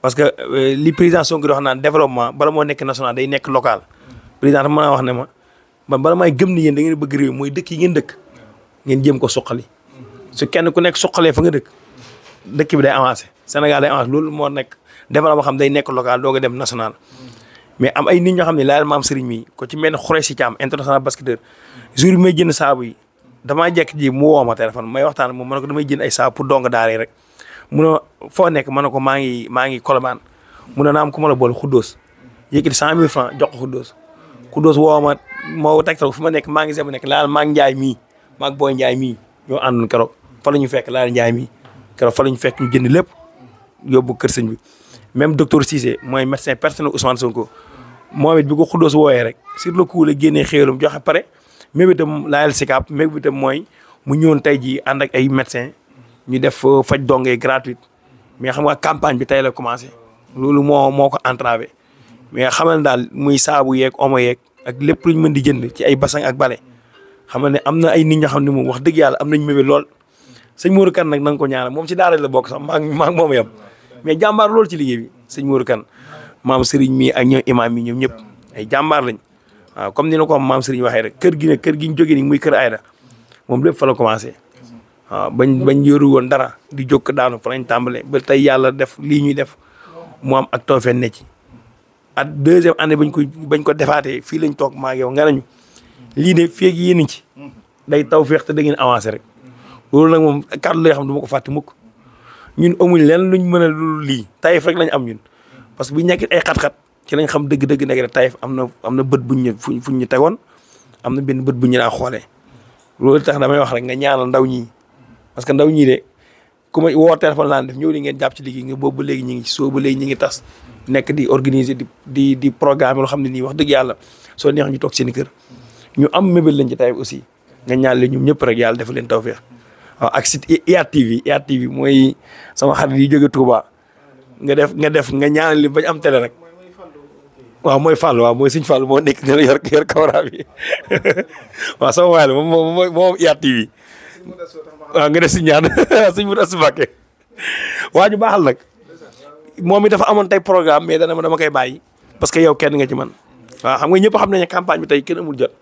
[SPEAKER 1] parce que euh, li président Sonko di wax naan développement bala moo nekk national day nekk local président dafa mën wax ne ma man bala maay gëm ni yéen da ngeen bëgg réew mooy dëkk yi ngeen dëkk ngeen jéem ko suqali su kenn ku nekk suqalee fa nga dëkk dëkk bi day avancé Sénégal day avancé loolu moo nekk defal ma xam day nekk local doog a dem national mais am ay nit ñoo xam ne laal maam Serigne mi ko ci mel ne xure si caam international basketteur jour bi may jënd saabu yi damaa jekk ji mu woo ma téléphone may waxtaan moom ma ko damay jënd ay saabu pour dong daaree rek mu ne foo nekk ma ne ko maa ngi maa ngi kolobaan mu ne naam ku ma la boole xuddoos yëkkati cent mille francs jox ko xuddoos xuddoos woo ma moo tegtal fu ma nekk maa ngi seb nekk laal maa ngi mii maag booy njaay mii ñoo àndoon keroog fa la ñu fekk laal njaay mii keroog fa la ñu fekk ñu génn lépp yóbbu kër sëñ bi même docteur Cissé mooy médecin personnel Ousmane Sonko moom it bi ko xuddoos wooyee rek sur le coup la génnee xéeram joxe pare même itam laayal sikaab même mooy mu ñëwoon tey jii ànd ak ay médecin ñu def faj dongee gratuite mais xam nga campagne bi tey la commencé loolu moo moo ko entravé mais xamal daal muy saabu yeeg omo yeeg ak lépp lu ñu mën di jënd ci ay basang ak bale xam ne am na ay nit ñoo xam ne moom wax dëgg yàlla am nañ mébé lool sëñ Mourou Kane nag na nga ko ñaanal moom si daara la bokk sax maa maa ngi moom yem mais jàmbaar lool ci liggéey sëñ Mourou Kane maam Serigne mi ak ñoom imaam mi ñoom ñëpp ay jàmbaar lañ waaw comme ni la ko maam Serigne waxee rek kër gi ne kër gi ñu jógee nii muy kër Aida moom lépp fa la commencé waaw bañ bañ yoru woon dara di ko daanu fa lañ tàmbalee ba tey yàlla def lii ñuy def mu am ak toofeen ne ci at deuxième année bañ ko bañ ko defaatee fii lañ toog maa ngi yow nga lii de feeg yéen ci day taw feex te da ngeen avancé rek loolu nag moom kàddu lay xam du ma ko fàtte mukk ñun amuñ leen luñ mën a lu lii tayif rek lañ am ñun parce que bu nekkee ay xat-xat ci xam dëgg-dëgg nekk tayif am na am na bët buñ ñu fuñ ñu tegoon am na benn bët bu ñu daa xoolee loolu tax damay wax rek nga ñaanal ndaw ñi parce que ndaw ñi de ku ma woo téléphone laa def ñëw li ngeen jàpp ci liggéey nga boobu ba léegi ñu ngi soo ba léegi ñu ngi tas nekk di organiser di di di programme loo xam ne nii wax dëgg yàlla soo neex ñu toog seen kër ñu am mébét lañ ci tey aussi nga ñaan leen ñoom ñëpp rek yàlla defu leen taw tawféex waaw ak site IATV IATV mooy sama xarit yi jóge tuuba nga def nga def nga ñaan li bañ am télé rek waaw mooy Fall waaw mooy Sëñ Fall moo nekk ne la yor yor kawra bi waaw sama waay la moom moom moom IATV waaw nga def si ñaan suñ mu asu Mbàkke waa ñu baaxal nag moom it dafa amoon tey programme mais dana dama koy bàyyi parce que yow kenn nga ci man waaw xam nga ñëpp xam nañu campagne bi tey kenn amul jot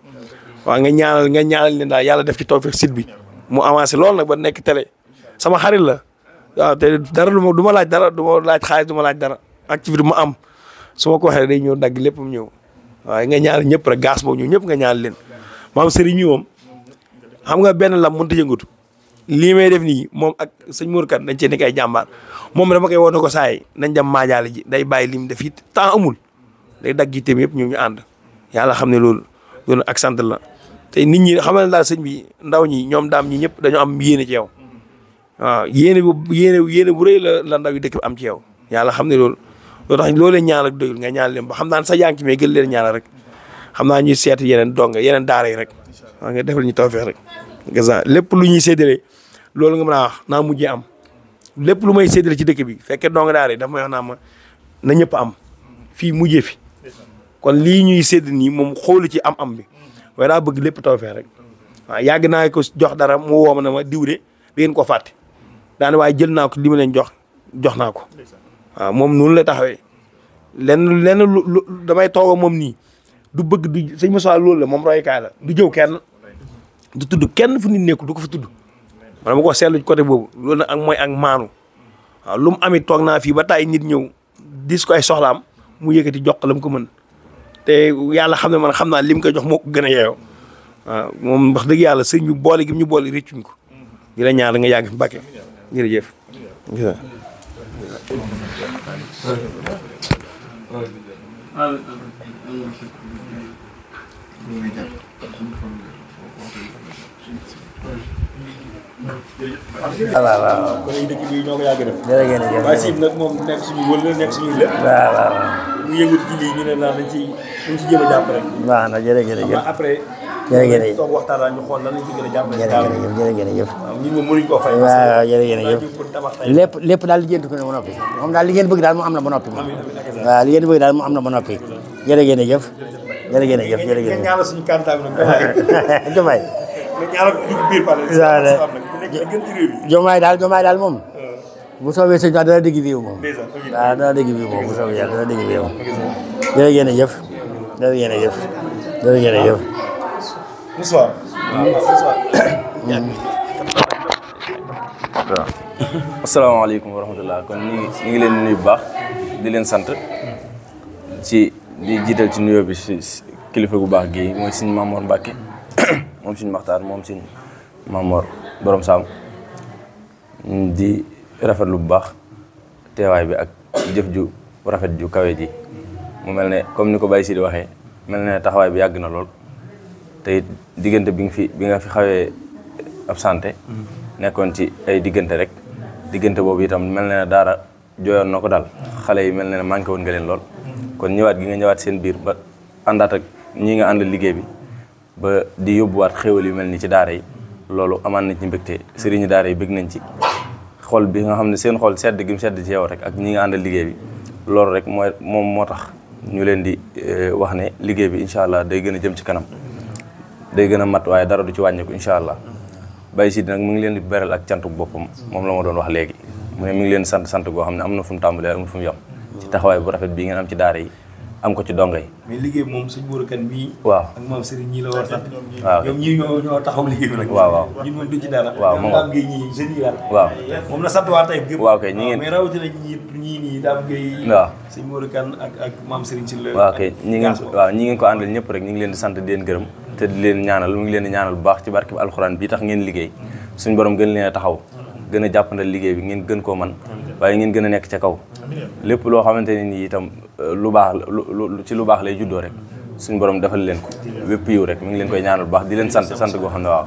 [SPEAKER 1] waaw nga ñaanal nga ñaanal leen daal yàlla def ci tawfeex site bi mu avancé lool nag ba nekk tele sama xarit la waaw te dara du ma du ma laaj dara du ma laaj xaalis duma laaj dara activité mu am su ma ko waxee day ñëw dagg lépp mu ñëw waaye nga ñaanal ñëpp rek gaas boobu ñëpp nga ñaanal leen maam sëriñ ñi moom xam nga benn lam mënut a yëngatu lii may def nii moom ak sëñ Mourkat dañ cee nekk jàmbaar moom dama koy woo ne ko saa yi nañ dem maajaale ji day bàyyi lim def it temps amul day dagg yëpp ñu ñu ànd yàlla xam ne loolu loolu ak sant la te nit ñi xamal laa sëñ bi ndaw ñi ñoom ñi ñëpp dañoo am yéene ci yow yéene bu yéene yéene bu rëy la la ndaw yi dëkk bi am ci yow yàlla xam ne loolu loo tax loo nga ñaan leen ba xam naa sa yaa ngi ci leen ñaanal rek xam naa ñuy seet yeneen dong yeneen daara yi rek waaw nga defal ñu tawfeex rek gaza lépp lu ñuy séddale loolu nga mën a wax naa mujjee am lépp lu may séddale ci dëkk bi fekkee dong daara yi dafa ma na ñëpp am fii mujjee fi kon lii ñuy sédd nii moom xoolu ci am am bi waaye daa bëgg lépp tawfeex rek waaw yàgg naa ko jox dara mu woo ma ne ma diw de ngeen ko fàtte daane waaye jël naa ko li ma leen jox jox naa ko moom noonu la taxawee lenn lenn lu damay toog moom nii du bëgg du sëñ Moussa loolu la moom roykaay la du jëw kenn du tudd kenn fu nit nekkul du ko fa tudd man ma ko seetlu ci côté boobu loolu na ak mooy ak maanu waaw lu toog naa fii ba tàyyi nit ñëw dis ko ay soxlaam mu yëkkati jox la mu ko mën te yàlla xam ne man xam naa lim mu jox moo ko gën a yeeyoo waaw moom wax dëgg yàlla sëñ ñu boole gi ñu boole réccuñ ko di la nga yàgg fi Mbàkke Ah, waaw waaw waaw. kon dëkk bi ñoo ko yàgg def. jërëjëf waaye Siib nag moom nekk suñu wël nekk suñu lépp. waaw waaw. mu yëngu ci lii ñu ne naan dañ ciy dañ ci jéem a jàpp rek. waaw na jërëjëf après. jërëjëf toog waxtaan ñu xool lan lañ ci gën a jàppale. jërëjëf jërëjëf. waaw ñun moom mënuñ koo fay. waaw jërëjëf lépp lépp daal li ngeen dugg na ba noppi. moom daal li ngeen bëgg daal mu am na ba noppi. waaw li ngeen bëgg daal mu am na ba noppi. jërëjëf jërëjëf jërëjëf. jërëjëf ñaanal suñu kàntaam
[SPEAKER 4] nag. mais ñaanal ko dugg biir palais.
[SPEAKER 1] jomaay daal jomaay daal moom. Euh. bu soobee sëñ dana dégg bii moom. waaw dana dégg bii moom bu soobee yàlla dana dégg bii moom. jërë ngeen jëf. jërë ngeen jëf. jërë ngeen jëf.
[SPEAKER 5] bonsoir. Hmm. Ah, hmm. waaw. asalaamaaleykum wa rahmatulah kon ñu ngi ñu ngi leen nuyu bu baax di leen sant ci di jiital ci nuyoo bi si kilifa gu baax gi mooy suñu Mamour Mbacke. moom suñu maxtaar moom suñu Mamor borom saam di rafetlu bu baax teewaay bi ak jëf ju rafet ju kawe ji mu mel ne comme ni ko Baye Sidi waxee mel ne taxawaay bi yàgg na lool te diggante bi nga fi bi nga fi xawee absenté nekkoon ci ay diggante rek diggante boobu itam mel na ne daara jooyoon na ko daal xale yi mel na ne manqué woon nga leen lool kon ñëwaat gi nga ñëwaat seen biir ba àndaat ak ñi nga àndal liggéey bi ba di yóbbuwaat xéwal yu mel ni ci daara yi loolu amaan nañ ci mbégte sëriñu daara yi bëgg nañ ci xol bi nga xam ne seen xol sedd gi mu sedd ci yow rek ak ñi nga àndal liggéey bi loolu rek mooy moom moo tax ñu leen di eh, wax ne liggéey bi incha allah day gën a jëm ci kanam day gën a mat waaye dara du ci wàññeeku incha allah Baye Sidi nag mu ngi leen di beral ak cantuk boppam moom la ma doon wax léegi mu ngi leen sant sant goo xam ne am na fu mu tàmbalee am fu mu yem bu rafet bii ngeen am ci daara yi am ko ci donga yi.
[SPEAKER 1] mais liggéey moom suñu wóorukan mii. waaw ak moom sëriñ la war a sant.
[SPEAKER 5] waaw taxaw liggéey bi nag. waaw waaw
[SPEAKER 1] ñun dara. waaw moom daam
[SPEAKER 5] waaw moom la sant waa tey gépp. waaw ñi ngeen mais rawatina
[SPEAKER 1] ñii ñii nii daam ngay. waaw suñu wóorukan ak ak maam sëriñ si la. waaw
[SPEAKER 5] ngeen waaw ñi ngeen ko àndal ñëpp rek ñu ngi leen di sant den gërëm. te di leen ñaanal mu ngi leen di ñaanal bu baax ci barke bi alxuraan bi tax ngeen liggéey mm-hmm. suñu borom gën leen taxaw gën a jàppandal liggéey bi ngeen gën koo man mm-hmm. waaye ngeen gën a nekk ca kaw lépp loo xamante ne nii itam euh, lu baax lu ci lu baax lay juddoo rek suñu borom defal leen ko wépp yiw rek mu ngi leen koy ñaanal bu baax di leen sant sant goo xam ne waaw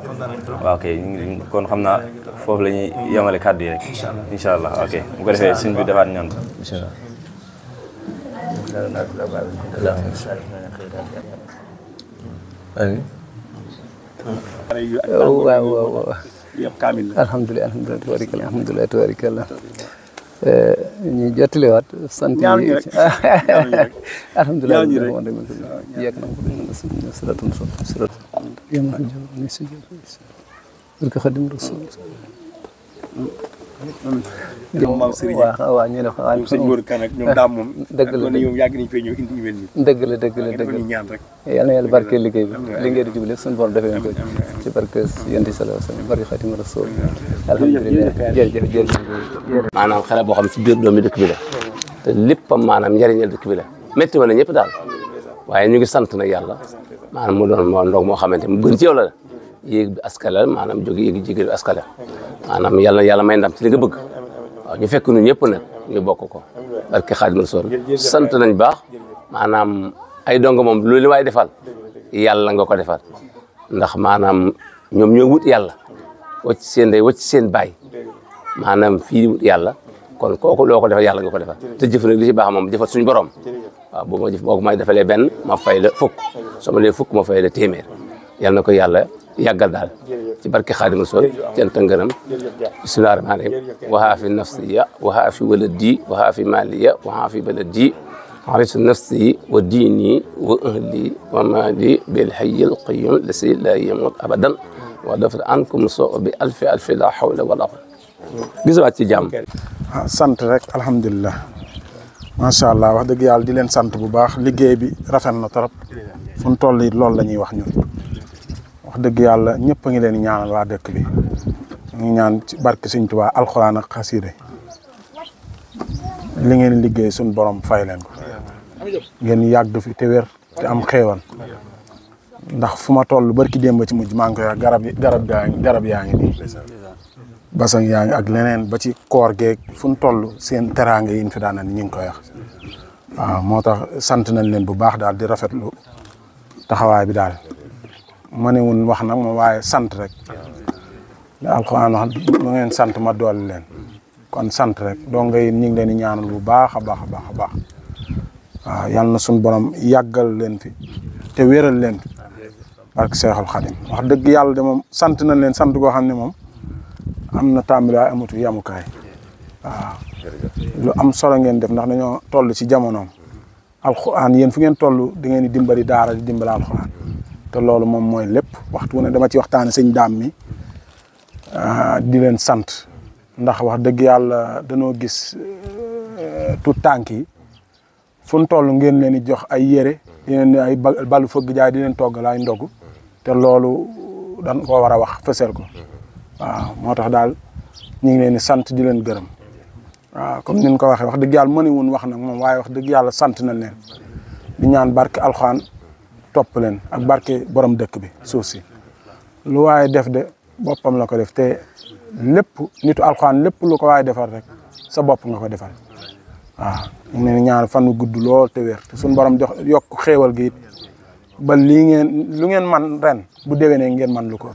[SPEAKER 5] waaw ñu ngi kon xam naa foofu la ñuy yemale kàddu yi rek allah ok bu ko defee suñ bi defaat ñaan
[SPEAKER 4] alhamdulilah alhamdulilah tabarikala Eh, ñu jottaliwaat sant ñi alhamdulilah yeeg na siratun sirat yéen a jëm ni si jëm barke Xadim Rasul
[SPEAKER 1] ñoom maam Serigne waaw waaw ñu ne waaw ñoom sëñ Modou Kane ak ñoom daam moom dëgg la ñoom yàgg nañ fee ñëw indi mel nii dëgg la dëgg la dëgg la ñaan rek
[SPEAKER 6] yal na yàlla barkeel liggéey bi li
[SPEAKER 4] ngeen di jublu suñu borom defee ko ci barke yonent sallallahu alayhi wasallam bari xatima rasul alhamdulilah
[SPEAKER 6] jërëjëf boo xam si biir doomi dëkk bi te léppam maanaam njëriñal dëkk bi la métti ma na ñëpp daal waaye ñu ngi sant nag yàlla maanaam mu doon moo ndoog moo xamante mu gën ci yow yéeg bi askalal maanaam jóge yéegi jigéen bi askalal maanaam yàlla yàlla may ndam ci li bëgg ñu fekk nu ñëpp nag ñu bokk ko barke Xaadimu Rasuul sant nañ baax maanaam ay dong moom loolu li waay defal yàlla nga ko defal ndax maanaam ñoom ñoo wut yàlla wacc seen day wacc seen baay maanaam fii di wut yàlla kon kooku loo ko defal yàlla nga ko defal te jëf nag li ci baax moom jëfal suñu borom waaw boo ma jëf boo ko may defalee benn ma fay la fukk soo ma lee fukk ma fay la téeméer yàlla na ko yàlla yàggal daal ci barke Xaadimu Rasuul cant ngërëm bismillahi rahmaani rahim waladi waxaa fi maali baladi aritu nafsi wa diini wa ahli wa maali bil hayyil qayyum la yamut abadan hmm. wa dafat ankum soo bi alfi alfi la hawla wala quwwata waat ci jàmm
[SPEAKER 7] ah, sant rek alhamdulilah macha allah wax dëgg yàlla di leen sant bu baax liggéey bi rafet na trop fu mu toll nii loolu la wax ñun wax dëgg yàlla ñëpp a ngi leen ñaanal waa dëkk bi ñu ñaan ci barke Sëñ Tuubaa alxuraan ak xasiide li ngeen liggéey suñ borom fay leen ko ngeen yàgg fi te wér te am xéewal ndax fu ma toll barki démb ci mujj maa ngi koy garab yi garab yaa ngi garab yaa ngi nii yaa ngi ak leneen ba ci koor geeg fu ñu toll seen teraanga yi ñu fi daan ñu ngi koy wax waaw moo tax sant nañ leen bu baax daal di rafetlu taxawaay bi daal ma mënewun wax nag moom waaye sant rek da alxuraan wax lu ngeen sant ma dool leen kon sant rek donga yi ñu leen di ñaanal bu baax a baax a baax a baax waaw yal na suñu borom yàggal leen fi te wéral leen fi barke Seexul wax dëgg yàlla de moom sant nañ leen sant goo xam ne moom am na tàmbaliwaay amatu yamukaay waaw lu am solo ngeen def ndax dañoo toll ci jamonoom alxuraan yéen fu ngeen toll da ngeen di dimbali daara di dimbali te loolu moom mooy lépp waxtu ne dama ci waxtaan sëñ daam mi ah, di leen sant ndax wax dëgg yàlla danoo gis euh, tout tànk yi fu mu toll ngeen leen di jox ay yére di leen ay balu fëgg jaay di leen toggal ay ndog te loolu dañ koo war a wax fësal ko waaw moo tax daal ñu ngi leen di sant di leen gërëm waaw comme ni ñu ko waxee wax dëgg yàlla mënewun wax nag moom waaye wax dëgg yàlla sant nañ leen di ñaan barke alxaan topp leen ak barke borom dëkk bi suuf si lu waaye def de boppam la ko def te lépp nitu alxuraan lépp lu ko waaye defar rek sa bopp nga ko defar waaw ñu ñaar fan nu gudd lool te wér suñ suñu borom yokk xéewal gi it ba lii ngeen lu ngeen man ren bu déwénee ngeen man lu ko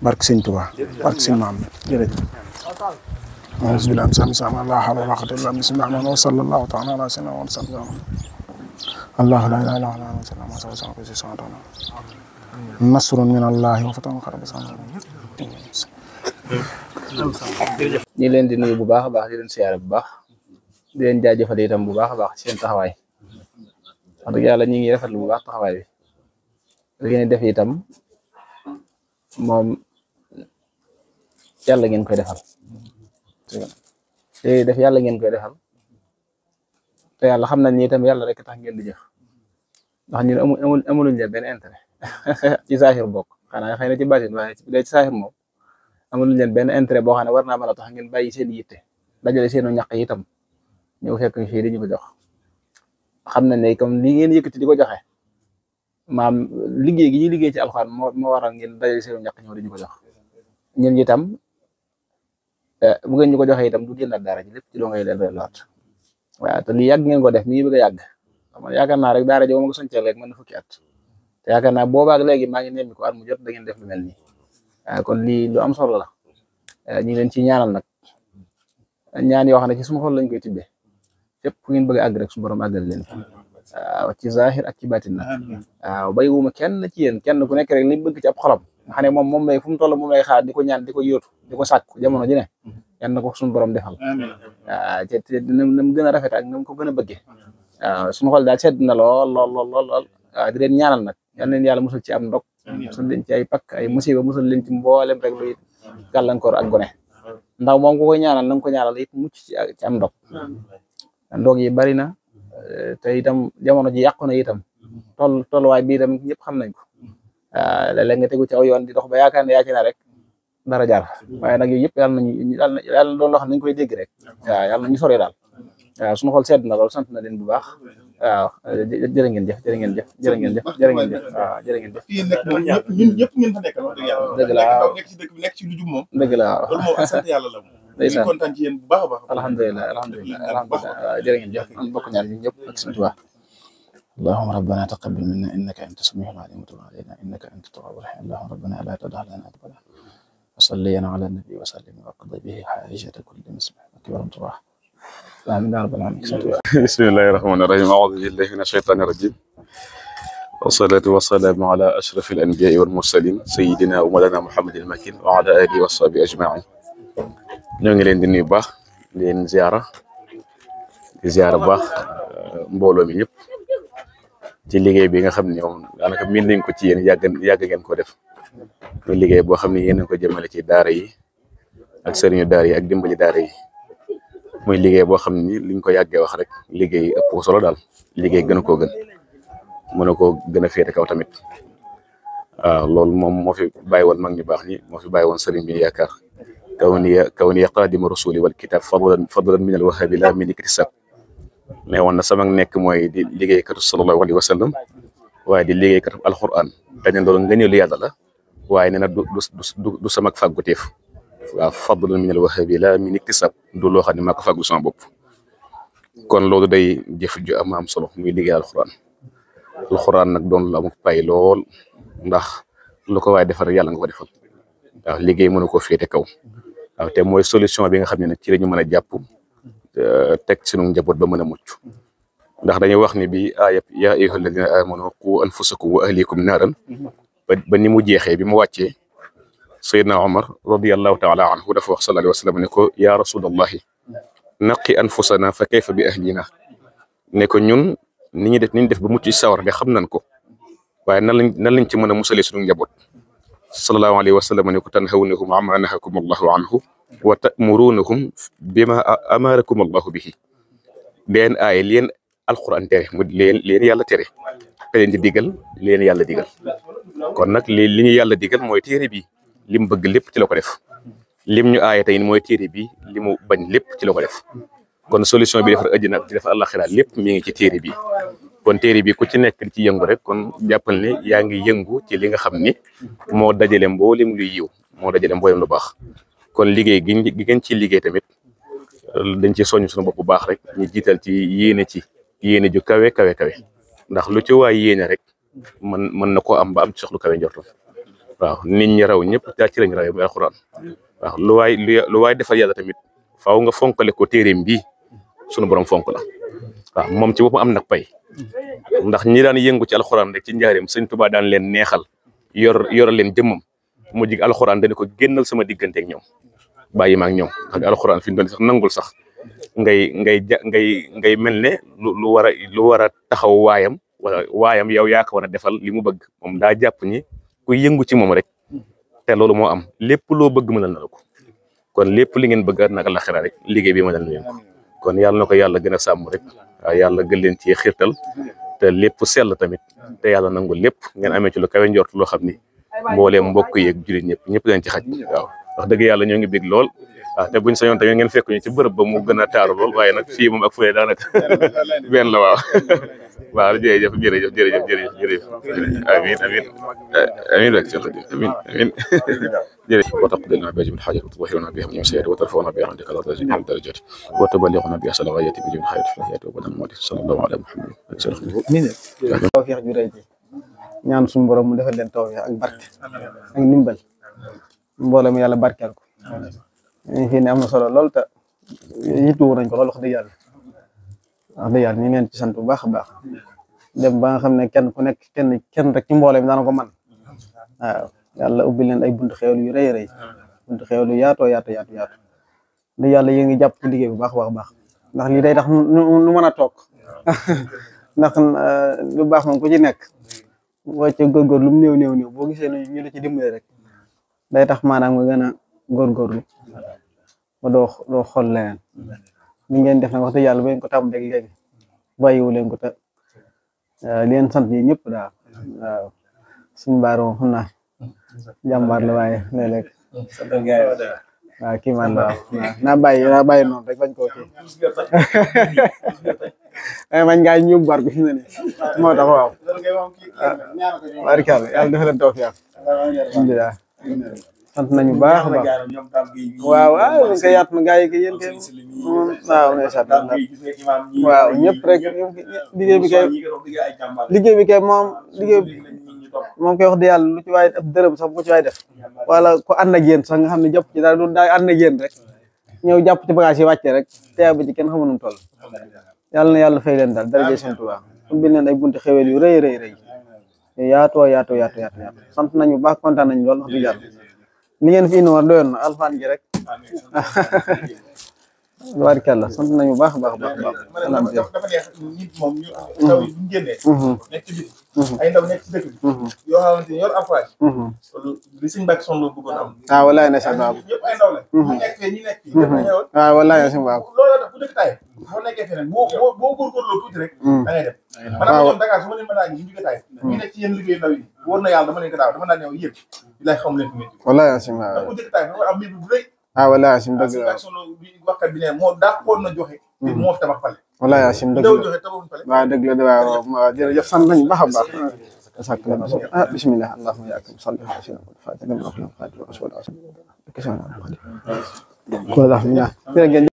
[SPEAKER 7] barke sëñ Tuubaa barke sëñ maam jërëjëf auzu billaahi mina shaytaani rajiim laa hawla wa laa quwwata illaa billaah allahu la ilaha illa allah wa sallam wa sallam fi sanatana nasrun min allahi wa fatahun qarib
[SPEAKER 4] ñi leen di nuyu bu baax a baax di leen siyaare bu baax di leen jaajëfal itam bu baax a baax seen taxawaay wax yàlla ñi ngi rafetlu bu baax taxawaay bi li ngeen def itam moom yàlla ngeen koy defal léegi def yàlla ngeen koy defal te yàlla xam nañ ni itam yàlla rek tax ngeen di jëf ndax ñun amul amul amuluñ leen benn intérêt ci saaxir bokk xanaa xëy na ci baatin waaye ci saaxir moom amuluñ leen benn intérêt boo xam ne war naa mën a tax ngeen bàyyi seen yitte dajale seenu ñaq yi itam ñëw fekk ñu fii dañu ko jox xam nañ ne comme li ngeen yëkkati di ko joxe maam liggéey gi ñuy liggéey ci alxuraan moo moo waral ngeen dajale seenu ñaq ñëw dañu ko jox ñun itam eh, bu ngeen ñu ko joxee itam du génnaat dara ci lépp ci loo ngay leen loot waaw te li yàgg ngeen ko def mi ngi bëgg a man yaakaar naa rek daara ji ma ko sancee rek mën na fukki at te yaakaar naa boobaak léegi maa ne nemmi ko at mu jot da ngeen def lu mel kon lii lu am solo la eh, ñu leen ci ñaanal nag ñaan yoo xam ne ci suma lañ koy tibbee fépp fu ngeen bëgg a àgg rek su borom àggal leen ci zahir ak ci baatin na waaw bay ci yéen kenn ku nekk rek li bëgg ci ab xolam ne moom moom lay fu mu toll moom lay xaar di ko ñaan di ko yóotu di ko sàkku jamono ji yan na ko suñu borom defal waaw te te nam gën a rafet ak nam ko gën a bëggee waaw suñu xol daal sedd na lool lool lool lool lool waaw nag yal leen yàlla musal ci am ndog musal leen ci ay pakk ay musiba musal leen ci mboolem rek luy gàllankoor ak gone ndax moom ku koy ñaanal na nga ko ñaanal it mucc ci am ndog ndog yi bari na te itam jamono ji yàqu na itam toll tolluwaay bi itam ñëpp xam nañ ko waaw léeg yoon di dox ba yaakaar ne yaa na rek dara jaar waaye nag yooyu yëpp yàlla nañu yàlla doon koy dégg rek waaw yàlla nañu daal waaw suñu xol sedd na lool sant na leen bu baax waaw jërë ngeen jëf jërë ngeen jëf jërë ngeen jëf jërë ngeen jëf waaw jërë ngeen
[SPEAKER 3] jëf
[SPEAKER 4] ñun ñëpp ngeen fa
[SPEAKER 3] nekkal wax dëgg yàlla dëgg la waaw
[SPEAKER 4] nekk ci dëkk bi nekk ci lu jub moom dëgg la waaw loolu moom ak sant yàlla la moom ñu kontaan ci yéen bu baax a baax alhamdulilah alhamdulilah alhamdulilah waaw jërë ngeen jëf an bokk ñaan ñun ñëpp ak suñu Tuubaa اللهم ربنا تقبل منا انك انت السميع العليم وتب علينا انك انت التواب الرحيم اللهم ربنا لا تدع لنا ذنبا وصلي على النبي وسلم وقضي به حاجه كل مسلم وكبر راح amiin yaa rabbal aalamiin
[SPEAKER 8] bismillahi rahmaani rahim audu billahi min asheytaani rajim wasalaatu wasalaamu ala ashraf al anbiyaai wal mursalin sayidina wa mawlana muhammadin makin wa ala alihi wa sahbi ajmain ñoo ngi leen di nuyu baax di leen ziara di baax uh, mbooloo mi ñëpp ci liggéey bi nga xam ne moom daanaka miin nañ ko ci yéen yàgg yàgg ngeen ko def muy liggéey boo xam ne yéen ko jëmale ci daara yi ak sëriñu daara yi ak dimbali daara yi muy liggéey boo xam ni liñ ko yàggee wax rek liggéey a ko solo daal liggéey gën a koo gën mën a koo gën a kaw tamit waaw loolu moom moo fi bàyyi woon mag ñu baax ñi moo fi bàyyi woon sëriñ bi yaakaar kaw ni kaw ni qaadima rasuli wal kitab fadlan fadlan min al wahabi la min iktisab ne woon na sama nekk mooy di liggéeykatu sallallahu alayhi wa sallam waaye di liggéeykatu alquran dañ ne loolu nga ñëw lu yàlla la waaye nee na du du du du sama fàgguteef waaw fadlan min al wahabi la min iktisab du loo xam ne maa ko fàggu sama kon loolu day jëf ju am am solo muy liggéey alxuraan alxuraan nag doon lu amuk pay lool ndax lu ko waaye defar yàlla nga ko defal waaw liggéey mënu ko féete kaw waaw te mooy solution bi nga xam ne nag ci la ñu mën a jàpp teg sunu njaboot ba mën a mucc ndax dañuy wax ni bi aayab yaa ayyuha alladina amanu qu anfusakum wa ahlikum naaran ba ni mu jeexee bi mu wàccee Seydina Omar radiallahu taala anhu dafa a sallallahu alayhi wa sallam ne ko yaa rasulallahi naqi anfusana fa kayfa bi ahlina ñun ni ñu def ni def ba mucc ci sawar de xam nañ ko waaye nan lañ nan lañ ci mën a musalee suñu njaboot sallallahu alayhi wa sallam ne ko tanhawnahum amma nahakum allahu anhu wa ta'murunahum bima amarakum allahu bihi deen aaye leen alquran tere mu leen leen yàlla tere te leen di digal leen yàlla digal kon nag li li ñu yàlla digal mooy téere bi li mu bëgg lépp ci la ko def lim ñu aaye tey mooy téere bi li mu bañ lépp ci la ko def kon solution bi defar àddina ak ci defar àllaxira lépp mi ngi ci téere bi kon téere bi ku ci nekk ci yëngu rek kon jàppal ne yaa ngi yëngu ci li nga xam ni moo dajale mboolem luy yiw moo dajale mboolem lu baax kon liggéey gi gi ngeen ci liggéey tamit dañ ci soññ suñu bopp bu baax rek ñu jiital ci yéene ci yéene ju kawe kawe kawe ndax lu ci waay yéene rek man mën na koo am ba am ci soxlu kawe njortu waaw nit ñi raw ñëpp daa ci lañ rawee bu alxuraan waaw lu waay lu waay defal yàlla tamit faaw nga fonkale ko téeréem bii sunu borom fonk la waaw moom ci boppam am nag pay ndax ñi daan yëngu ci alxuraan rek ci njaareem sëñ Tuubaa daan leen neexal yor yor leen jëmmam mu jig alxuraan dañu ko génnal sama diggante ak ñoom bàyyi ma ak ñoom ak alxuraan fi mu doon sax nangul sax ngay ngay ja ngay ngay mel ne lu lu war a lu war a taxaw waayam wala waayam yow yaa a defal li mu bëgg moom daa jàpp ni ku yëngu ci moom rek te loolu moo am lépp loo bëgg mënal na la ko kon lépp li ngeen bëgg naka la xira rek liggéey bi mënal na leen kon yàlla na ko yàlla gën a sàmm rek waaw yàlla gën leen ci xiirtal te lépp sell tamit te yalla nangu lépp ngeen amee ci lu kawe njort loo xam ni mbooleem mbokk yeeg jullit ñëpp ñëpp dañ ci xaj waaw wax dëgg yàlla ñoo ngi bég lool waaw te buñ sañoon tamit ngeen fekk ñu ci bërëb ba mu gën a taaru lool waaye nag fii moom ak fële daanaka waaw jërëjëf jërëjëf jërëjëf jërëjëf jërëjëf amiin amiin eh, amiin rek Seex Xaadim amiin amiin jërëjëf wa taqdinaa bi ajmil haajaat wa tutahhirunaa bihaa min sayyi'aat wa tarfa'unaa bihaa 'indaa darajaatil darajaat wa tuballighunaa bihaa salawaati bi jamiil hayaati fil hayaati wa badan mawti sallallaahu 'alaa Muhammad tawfeex ju rëy ji
[SPEAKER 9] ñaan suñu borom mu defal leen tawfeex ak barke ak ndimbal mboolem yàlla barkeel ko fi ne am na solo lool te yittewoo nañ ko lool wax dëgg yàlla wax dëgg yàlla ñu ngi leen ci sant bu baax a baax dem ba xam ne kenn ku nekk kenn kenn rek ci mboolem daana ko man waaw yàlla ubbi leen ay buntu xéwal yu rëy rey rëy buntu xéwal yu yaatoo yaat yaatu yaatu dëgg yàlla yéen ngi jàpp ci liggéey bu baax a baax ndax lii day tax nu mën a toog ndax euh, lu baax moom ku ci nekk boo ca góorgóorlu mu néew néew néew boo gisee ñu la ci dimbale rek day tax maanaam nga gën a góorgóorlu ba doo xool leneen li ngeen def na wax dëgg yàlla ba ngeen ko tàmm léegi léegi bàyyiwu leen ko te euh, leen sant yi ñëpp daal waaw suñu baar moom xam la waaye léeg-léeg waaw kii man la naa bàyyi naa bàyyi noonu rek bañ koo eh, moo tax waaw ah, barikàlla yàlla dafa leen tawfiq alhamdulilah sant nañu baax a
[SPEAKER 1] baax
[SPEAKER 9] waaw waaw nga yaat ma gaa yi kay yéen kay waaw ndeysaan waaw ñëpp rek liggéey bi kay liggéey bi kay moom liggéey bi moom koy wax di yàlla lu ci waay dërëm sax bu ko waay def wala ko ànd na yéen sax nga xam ne jàpp ci daal du daa ànd na yéen rek ñëw jàpp ci bagage yi wàcce rek teya ba ci kenn xamu nu toll yàlla na yàlla fay leen daal daraje seen Tuubaa ubbil leen ay bunti xewel yu rëy rëy rëy yaatoo yaatoo yaatoo yaatoo yaatoo sant nañu baax kontaan nañu lool wax dëgg yàlla li ngeen fi indi woon doyoon na alxaan ji rek tabaarkalla sant nañu bu baax a baax a baax. alhamdulilah dafa
[SPEAKER 3] nit moom ñu. Mhm. ndaw yi mhm. nekk ci biti. Mhm. ay nekk ci dëkk a ñu jóge
[SPEAKER 9] ah wala Yacine ah, dëgg
[SPEAKER 3] la ak sunu waxkat bi ne moo dàqoon na joxe. Hmm. te moo fi tabax pale.
[SPEAKER 9] wala Yacine dëgg la joxe
[SPEAKER 3] tabaxuñ pale. waaw dëgg la de waaw waaw jërëjëf sant nañu baax a baax.
[SPEAKER 9] ah bisimilah. jërëjëf.